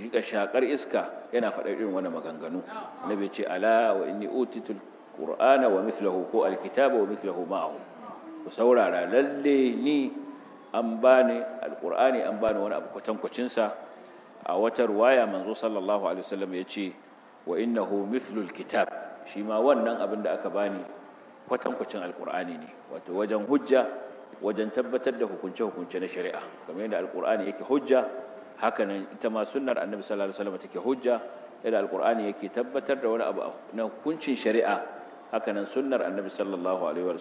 rika shakar iska yana faɗa irin wani maganganu na ce ala wa inni utitul qur'ana wa mithlahu ko alkitaba wa mithlahu ma'ahu ku saurara lalle ni an bani alqur'ani an bani wani abu kwatankwacin sa a wata ruwaya manzo sallallahu alaihi wasallam ya ce wa innahu mithlul kitab shi ma wannan abin da aka bani kwatankwacin alqur'ani ne wato wajen hujja wajen tabbatar da hukunce-hukunce na shari'a kamar yadda alkur'ani yake hujja hakanan ita ma sunnar annabi sallallahu alaihi wasallam take hujja yadda alkur'ani yake tabbatar da wani abu na hukuncin shari'a hakanan sunnar annabi sallallahu alaihi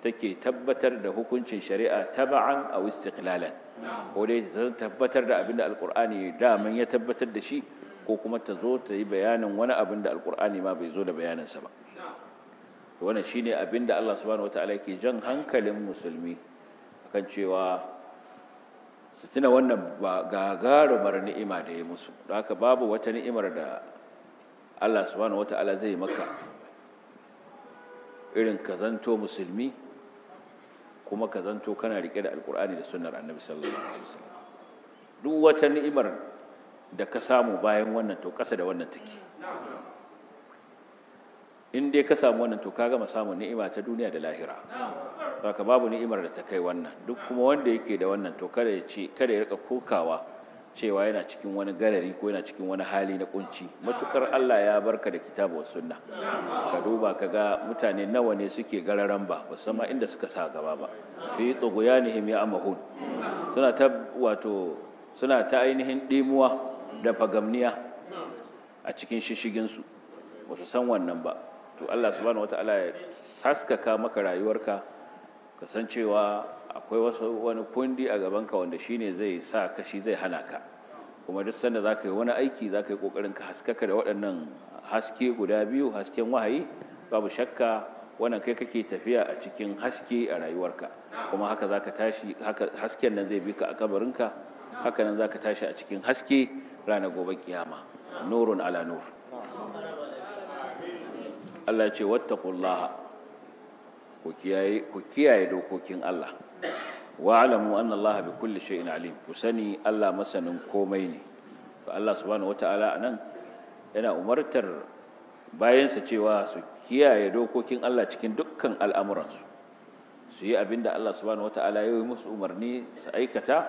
take tabbatar da hukuncin shari'a taba'an aw istiqlalan ko dai ta tabbatar da abin da alkur'ani daman ya tabbatar da shi ko kuma ta zo ta yi bayanin wani abin da alkur'ani ma bai zo da bayaninsa ba wannan shine abin da Allah subhanahu wataala ke jan hankalin musulmi akan cewa su tuna wannan gagarumar ni'ima da ya musu don haka babu wata ni'imar da Allah subhanahu wataala zai maka irin ka zanto musulmi kuma ka zanto kana rike da alkur'ani da sunnar annabi sallallahu alaihi wasallam duk wata ni'imar da ka samu bayan wannan to kasa da wannan take in dai ka samu wannan to ka gama samun ni'ima ta duniya da lahira ka babu ni'imar da ta kai wannan duk kuma wanda yake da wannan to kada ya ce kada ya rika kokawa cewa yana cikin wani garari ko yana cikin wani hali na kunci matukar Allah ya barka da kitabu wa sunna ka duba ka ga mutane nawa ne suke gararan ba musamman inda suka sa gaba ba fi tsoguyanihim ya amahun suna ta wato suna ta ainihin dimuwa da fagamniya a cikin shishigin su wasu san wannan ba to Allah subhanahu wata'ala ya haskaka maka rayuwarka kasancewa akwai wasu wani kundi a gabanka wanda shine zai sa kashi zai hana ka kuma duk sanda za ka yi wani aiki za ka yi ƙoƙarin ka haskaka da waɗannan haske guda biyu hasken wahayi babu shakka wannan kai kake tafiya a cikin haske a rayuwarka kuma haka za ka tashi hasken nan zai bi ka a kabarinka haka nan za ka tashi a cikin haske ranar gobe kiyama nurun ala nur Allah ce wattaqullaha ku kiyaye ku kiyaye dokokin Allah wa alamu anna Allah bi kulli shay'in alim ku sani Allah masanin komai ne to Allah subhanahu wataala anan yana umartar bayansa cewa su kiyaye dokokin Allah cikin dukkan al'amuransu su yi abin da Allah subhanahu wataala ya yi musu umarni su aikata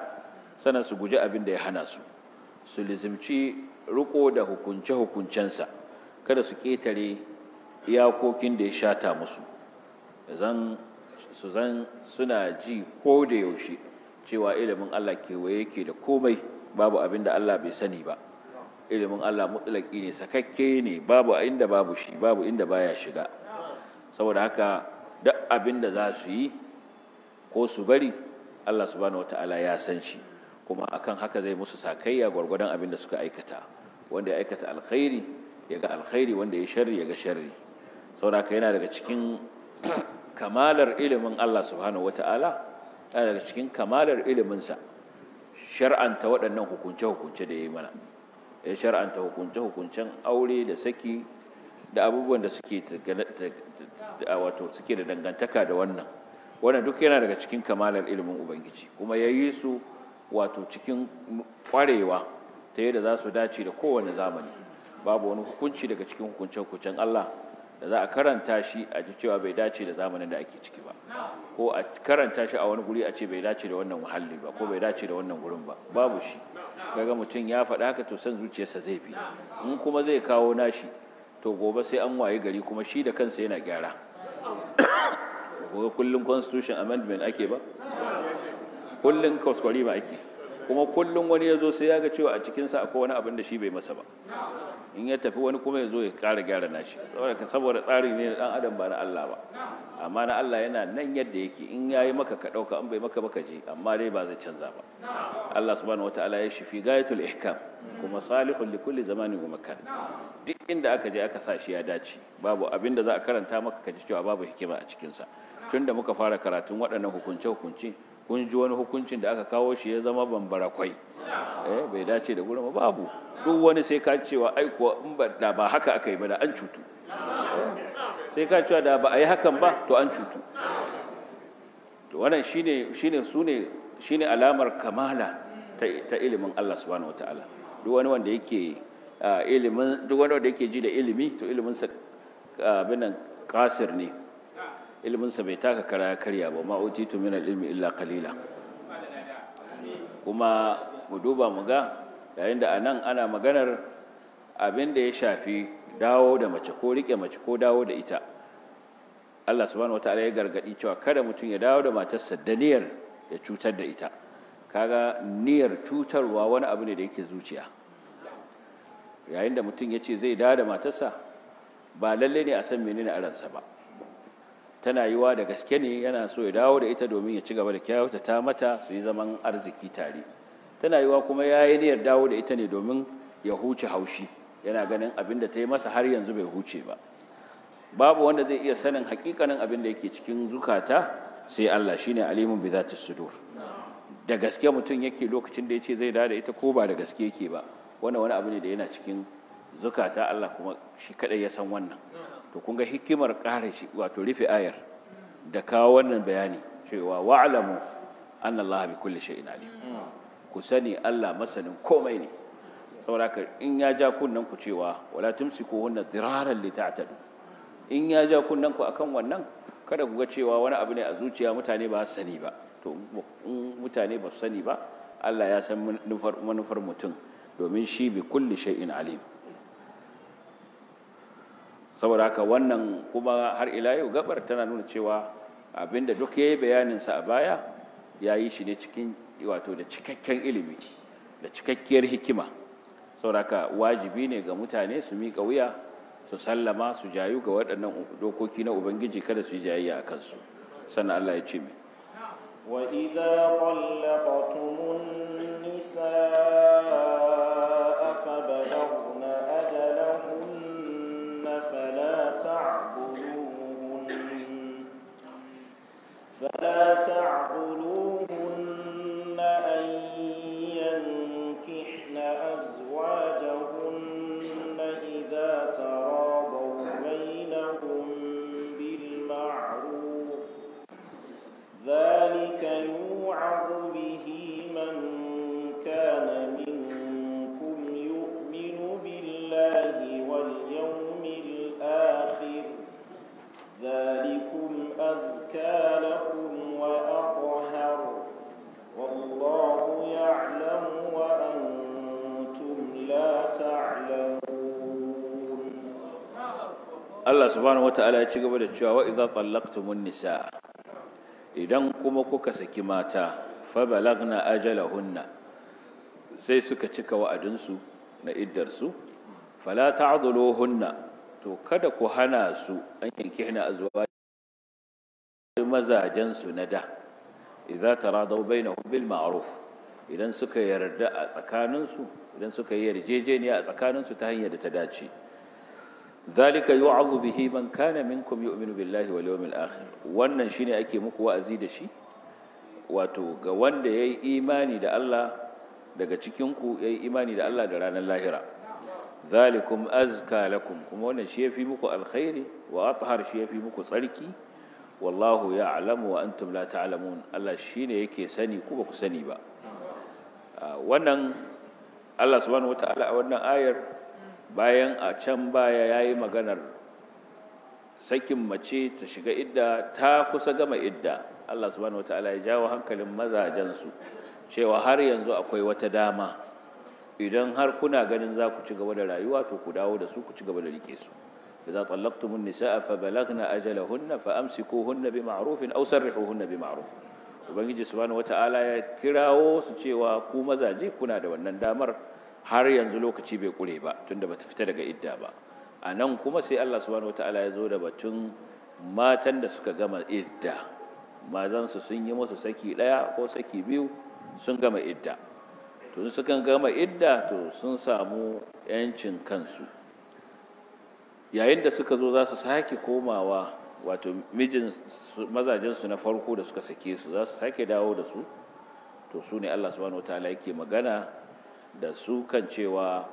sannan su guji abin da ya hana su su lizimci riko da hukunce-hukuncensa kada su ƙetare iyakokin da ya shata musu su zan suna ji ko da yaushe cewa ilimin Allah kewaye yake da komai babu abin da Allah bai sani ba ilimin Allah mutlaki ne sakakke ne babu inda babu shi babu inda baya shiga saboda haka duk abin da za su yi ko su bari Allah subhanahu ala ya san shi kuma akan haka zai musu sakayya gwargwadon abin da suka aikata wanda ya aikata alkhairi ya ga alkhairi wanda ya sharri ya ga sharri saboda yana daga cikin kamalar ilimin Allah subhanahu wata'ala yana daga cikin kamalar iliminsa shar'anta waɗannan hukunce-hukunce da ya yi mana ya shar'anta hukunce-hukuncen aure da saki da abubuwan da suke da dangantaka da wannan wannan duk yana daga cikin kamalar ilimin ubangiji kuma ya yi su wato cikin kwarewa ta yadda za su dace da kowane zamani babu wani hukunci daga cikin hukunce-hukuncen Allah da za a karanta shi a ji cewa bai dace da zamanin da ake ciki ba ko a karanta shi a wani guri a ce bai dace da wannan muhalli ba ko bai dace da wannan gurin ba babu shi kaga mutum ya faɗa haka to san zuciyarsa zai bi in kuma zai kawo nashi to gobe sai an waye gari kuma shi da kansa yana gyara gobe kullum constitution amendment ake ba kullum kwaskwari ba ake kuma kullum wani ya zo sai ya ga cewa a cikinsa akwai wani abin da shi bai masa ba in ya tafi wani kuma ya zo ya ƙara gyara nashi saboda saboda tsari ne na ɗan adam ba na Allah ba amma na Allah yana nan yadda yake in ya yi maka ka ɗauka in bai maka baka ji amma dai ba zai canza ba Allah subhanahu wataala ya shifi gayatul ihkam kuma salihun li kulli zamanin wa makan duk inda aka je aka sa shi ya dace babu abin da za a karanta maka ka ji cewa babu hikima a cikinsa tunda muka fara karatun waɗannan hukunce-hukunce kun ji wani hukuncin da aka kawo shi ya zama bambara kwai eh bai dace da gurin babu duk wani sai ka cewa ai kuwa in ba da ba haka aka yi ba da an cutu eh, sai ka cewa da ba a yi hakan ba to an cutu to wannan shine shine sune shine alamar kamala ta ilimin Allah subhanahu wataala duk wani wanda yake ah, ilimin duk wani wanda yake ji da ilimi to ilimin sa ah, abin nan kasir ne ilminsa bai taka kara ya karya ba ma utitu min ilmi illa qalila kuma mu duba mu ga yayin da anan ana maganar abin da ya shafi dawo da mace ko rike mace ko dawo da ita Allah subhanahu wataala ya gargadi cewa kada mutum ya dawo da matarsa da niyyar ya cutar da ita kaga niyyar cutarwa wani abu ne da yake zuciya yayin da mutum ya ce zai dawo da matarsa ba lalle ne a san menene aransa ba tana yiwa da gaske ne yana so ya dawo da ita domin ya ci gaba da kyautata mata su yi zaman arziki tare tana yiwa kuma ya yi niyyar dawo da ita ne domin ya huce haushi yana ganin abin da ta yi masa har yanzu bai huce ba babu wanda zai iya sanin hakikanin abin da yake cikin zukata sai Allah shine alimun bi za sudur da gaske mutum yake lokacin da ya ce zai dawo da ita ko ba da gaske yake ba wannan wani abu ne da yana cikin zukata Allah kuma shi kadai ya san wannan to kun ga hikimar ƙara shi wato rufe ayar da kawo wannan bayani cewa wa'alamu, anna Allah bi kulli shay'in alim ku sani Allah masanin komai ne sauraka in ya ja kunnan ku cewa wala tumsiku hunna diraran li ta'tadu in ya ja kunnan ku akan wannan kada ku ga cewa wani abu ne a zuciya mutane ba su sani ba to mutane ba su sani ba Allah ya san manufar mutum domin shi bi kulli shay'in alim saboda haka wannan kuma har ila yau gabar tana nuna cewa abinda duk yayi bayaninsa a baya ya yi shi ne cikin wato da cikakken ilimi da cikakkiyar hikima saboda haka wajibi ne ga mutane su miƙa wuya su sallama su jayu ga waɗannan dokoki na ubangiji kada su yi jayayya a kansu sannan Allah ya ce mai وإذا طلقتم النساء فلا تعقل Allah subhanahu wata'ala ya ci gaba da cewa wa idza tallaqtumun nisaa idan kuma kuka saki mata fa balagna ajalahunna sai suka cika su na iddarsu fala ta'dhuluhunna to kada ku hana su an yanki hina azwaji mazajen su na da idza taradaw bainahum bil ma'ruf idan suka yarda a tsakaninsu idan suka yi yarjejeniya a tsakaninsu ta hanyar da ta dace zalika yu'azu bihi man kana minkum yu'minu billahi wal yawmil akhir wannan shine ake muku wa'azi da shi wato ga wanda yayi imani da Allah daga cikin ku yayi imani da Allah da ranar lahira zalikum azka lakum kuma wannan shi yafi muku alkhairi wa athhar shi yafi muku tsarki wallahu ya'lamu wa antum la ta'lamun Allah shine yake sani ku ba ku sani ba ah, wannan Allah subhanahu wataala a wannan ayar bayan a can baya ya yi maganar sakin mace ta shiga idda ta kusa gama idda allah subhanahu wa ta'ala ya jawo hankalin mazajensu cewa har yanzu akwai wata dama idan har kuna ganin za ku ci gaba da rayuwa to ku dawo da su ku ci gaba da rike su idza talaqtum an-nisaa fa balagna ajalahunna fa amsikuhunna bi ma'rufin aw sarrihuhunna bi ma'ruf ubangiji subhanahu wa ta'ala ya kirawo su cewa ku mazaje kuna da wannan damar har yanzu lokaci bai kure ba tunda bata fita daga idda ba a nan kuma sai Allah subhanahu wataala ya zo da batun matan da suka gama idda mazansu sun yi musu saki ɗaya ko saki biyu sun gama idda to kan gama idda to sun samu 'yancin kansu yayin da suka zo za su sake komawa wato mijin mazajensu na farko da suka sake su za su sake dawo da su to su ne allah subhanahu wa ta'ala yake magana da su kan cewa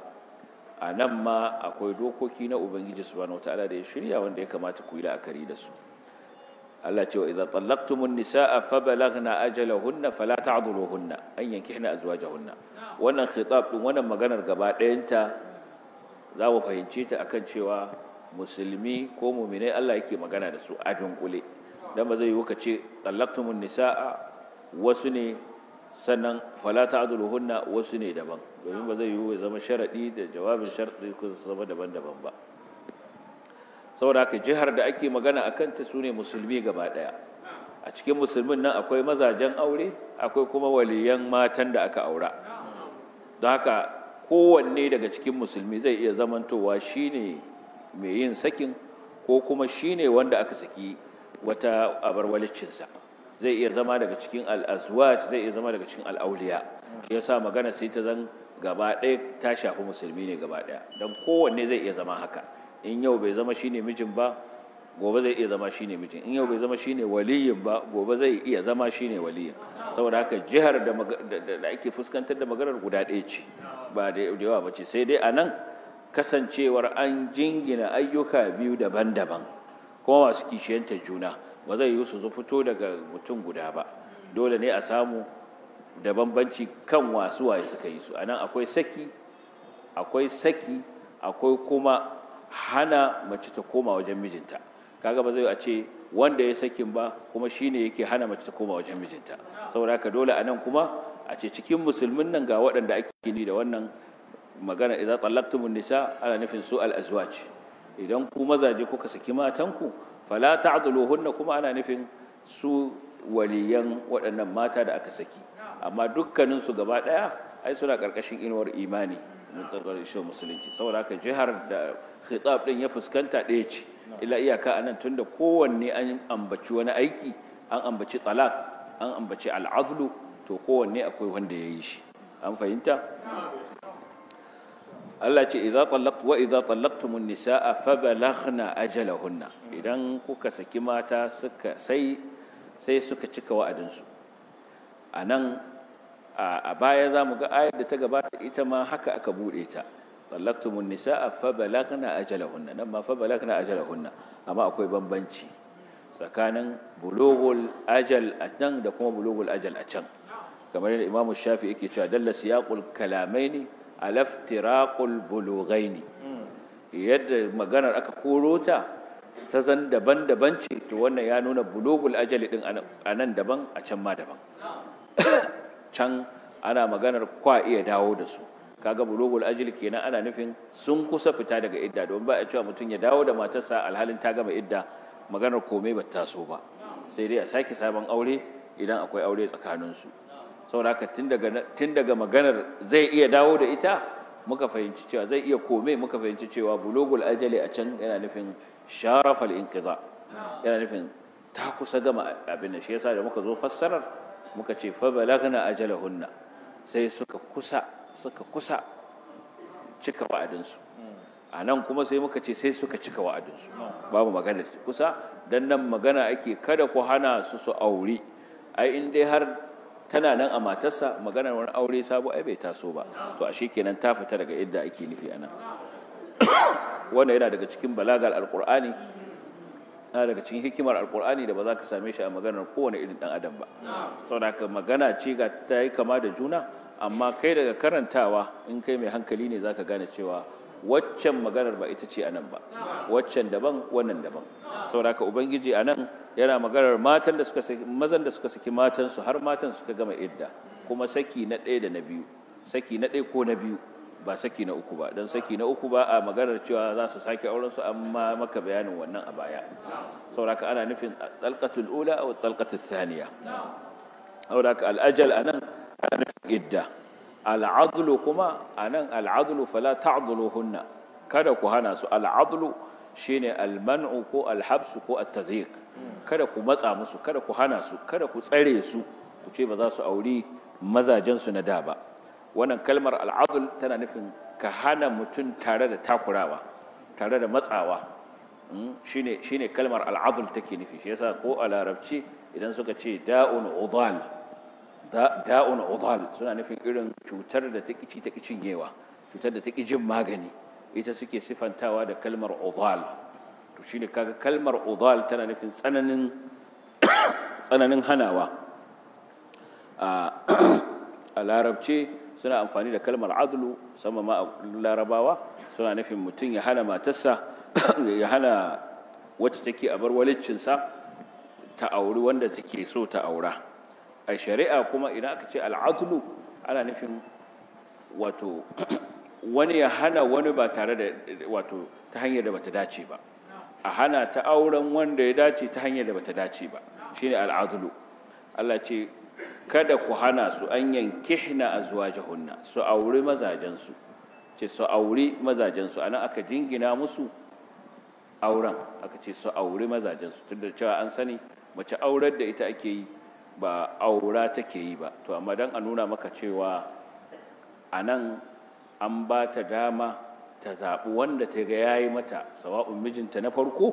a nan ma akwai dokoki na ubangiji su bane wataala da ya shirya wanda ya kamata ku yi la'akari da su Allah cewa idza tallaqtumun nisaa fa balaghna ajalahunna fala hunna an yanki zuwa azwajahunna wannan khitab din wannan maganar gaba ɗayanta za mu fahimce ta akan cewa musulmi ko mu'minai Allah yake magana da su a dunkule dan ba zai yi ka ce tallaqtumun nisaa wasu ne sannan falata adulhunna wasu ne daban domin ba zai yiwu ya zama sharaɗi da jawabin sharaɗi kun zama daban-daban ba saboda haka jihar da ake magana a kanta su musulmi gaba ɗaya a cikin musulmin nan akwai mazajen aure akwai kuma waliyan matan da aka aura don haka kowanne daga cikin musulmi zai iya zamantowa shine mai yin sakin ko kuma shine wanda aka saki wata abarwalicinsa. zai iya zama daga cikin al'azwaj zai iya zama daga cikin al'auliya shi sa magana sai ta zan gaba ɗaya ta shafi musulmi ne gaba ɗaya don kowanne zai iya zama haka in yau bai zama shine mijin ba gobe zai iya zama shine mijin in yau bai zama shine waliyin ba gobe zai iya zama shine waliyin saboda haka jihar da ake fuskantar da maganar guda ɗaya ce ba da yawa ba ce sai dai a nan kasancewar an jingina ayyuka biyu daban-daban kuma masu kishiyanta juna ba zai yi su fito daga mutum guda ba dole ne a samu da bambanci kan wasu waye suka yi su a nan akwai saki akwai saki akwai kuma hana mace ta koma wajen mijinta kaga ba zai a ce wanda ya sakin ba kuma shine yake hana mace ta koma wajen mijinta saboda haka dole a nan kuma a ce cikin musulmin nan ga waɗanda ake ni da wannan magana idan tsallaktumun nisa ana nufin su al azwaj idan ku mazaje kuka saki matanku fala ta'dhuluhunna kuma ana nufin su waliyan waɗannan mata da aka saki amma dukkanin su gaba ɗaya ai suna ƙarƙashin inuwar imani mun ƙarƙashin musulunci saboda haka jihar da khitab din ya fuskanta ɗaya ce illa iyaka anan tunda kowanne an ambaci wani aiki an ambaci talak, an ambaci al'azlu to kowanne akwai wanda ya yi shi an fahimta Allah ce idza talaq wa idza talaqtumun nisaa fa balaghna ajalahunna idan kuka saki mata suka sai sai suka cika wa'adinsu anan a baya zamu ga ayar da ta gabata ita ma haka aka bude ta talaqtumun nisaa fa balaghna ajalahunna nan ma fa balaghna ajalahunna amma akwai bambanci tsakanin bulugul ajal a can da kuma bulugul ajal a can kamar yadda imamu shafi yake cewa dalla siyaqul kalamaini alaftiraqul bulughaini yadda maganar aka koro ta ta zan daban-daban ce to wannan ya nuna bulugul ajali din a nan daban a can ma daban can ana maganar kwa iya dawo da su kaga bulugul ajali kenan ana nufin sun kusa fita daga idda don ba a cewa mutum ya dawo da matarsa alhalin ta gama idda maganar komai ba ta so ba sai dai a sake sabon aure idan akwai aure tsakaninsu saboda haka tun daga maganar zai iya dawo da ita muka fahimci cewa zai iya kome muka fahimci cewa bulogul ajali a can yana nufin sharafal inkiza yana nufin ta kusa gama abin da shi yasa da muka zo fassarar muka ce fa balagna ajalahunna sai suka kusa suka kusa cika wa'adinsu a nan kuma sai muka ce sai suka cika wa'adinsu babu magana kusa dan nan magana ake kada ku hana su su aure ai in dai har tana nan a matarsa maganar wani aure sabo ai bai taso ba to ashe kenan ta fita daga yadda ake nufi anan wannan yana daga cikin balagar alqur'ani yana daga cikin hikimar alqur'ani da ba za ka same shi a maganar kowane irin dan adam ba saboda ka magana ce ga ta yi kama da juna amma kai daga karantawa in kai mai hankali ne za ka gane cewa waccan maganar ba ita ce anan ba waccan daban wannan daban saboda ka ubangiji anan yana maganar matan da suka saki mazan da suka saki matan su har matan suka gama idda kuma saki na ɗaya da na biyu saki na ɗaya ko na biyu ba saki na uku ba don saki na uku ba a maganar cewa za su sake auren su amma maka bayanin wannan a baya saboda ana nufin talqatul ula aw talqatul thaniya saboda al'ajal anan ana nufin idda al'adlu kuma anan al'adlu fala ta'dhuluhunna kada ku hana su al'adlu shine al-man'u ko al-habsu ko at-tazyiq kada ku matsa musu kada ku hana su kada ku tsare su ku ce ba za su auri mazajen su na da ba wannan kalmar al'adul tana nufin ka hana mutum tare da takurawa tare da matsawa hmm? shine shine kalmar al'adul take nufi shi yasa ko a larabci idan suka ce da'un udal da'un udal suna nufin irin cutar da ta kici ta kicin yewa cutar da ta jin magani ita suke sifantawa da kalmar udal to shine kaga kalmar udal tana nufin tsananin tsananin hanawa a larabce suna amfani da kalmar adlu sama ma larabawa suna nufin mutum ya hana matarsa ya hana wacce take a bar walicinsa ta auri wanda take so ta aura a shari'a kuma idan aka ce al'adlu ana nufin wato wani ya hana wani ba tare da wato ta hanyar da bata dace ba a hana ta auren wanda ya dace ta hanyar da bata dace ba shine al'adlu Allah ce kada ku hana su an zuwa azwajahunna su auri mazajensu ce su auri mazajensu anan aka jingina musu auren aka ce su auri mazajensu tunda cewa an sani mace aurar da ita ake yi ba aura take yi ba to amma dan a nuna maka cewa a nan an ba ta dama ta zaɓi wanda ta ga ya yi mata sawa'un mijinta na farko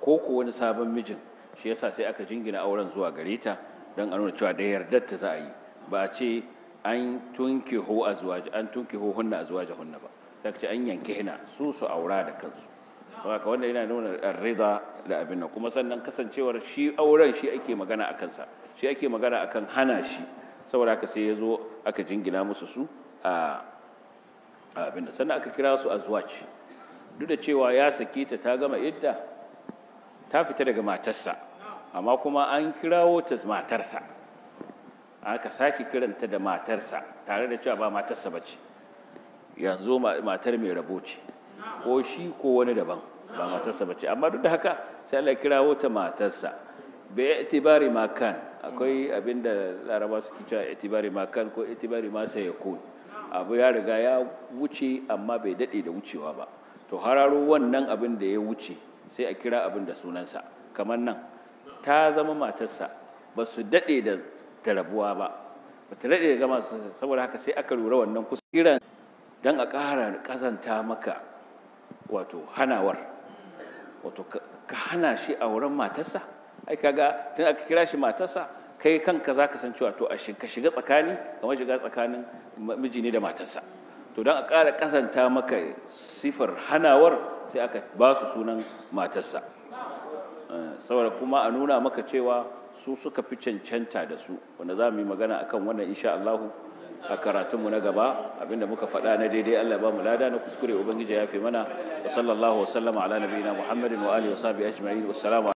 ko ko wani sabon mijin shi yasa sai aka jingina auren zuwa gare ta don a nuna cewa da yardar ta za a yi ba a ce an tunke ho a zuwa an tunke ho hunna a zuwa hunna ba Ta ka ce an yanke hina su su aura da kansu haka wanda yana nuna rida da abin nan kuma sannan kasancewar shi auren shi ake magana a kansa shi ake magana akan hana shi saboda aka sai ya zo aka jingina musu su a abinda sannan aka kira su a azwaci duk da cewa ya sake ta ta gama idda ta fita daga matarsa amma kuma an kirawo ta matarsa aka sake kiranta da matarsa tare da cewa ba matarsa ba ce yanzu matar mai rabo ce ko shi ko wani daban ba matarsa ba ce amma duk da haka sai Allah kirawo ta matarsa bai itibari makan akwai abin da laraba suke cewa itibari makan ko itibari ma sai yakun abu ya riga ya wuce amma bai daɗe da wucewa ba to hararo wannan abin da ya wuce sai a kira abin da sunansa kamar nan ta zama matarsa ba su dade da tarabuwa ba ba ta dade da gama saboda haka sai aka lura wannan kusa kiran dan a ƙara kazanta maka wato hanawar wato ka hana shi a wurin matarsa ai kaga tun aka kira shi matarsa kai kanka za ka san cewa to a ka shiga tsakani kamar shiga tsakanin miji ne da matarsa to don a ƙara kasanta maka sifar hanawar sai aka ba su sunan matarsa eh, saboda kuma a nuna maka cewa su suka fi cancanta da su wanda za mu yi magana akan wannan insha Allahu a karatunmu na gaba abinda muka faɗa na daidai Allah ba mu lada na kuskure ubangiji ya fi mana wa sallallahu wa sallama ala nabiyina Muhammadin wa alihi wa sahbihi ajma'in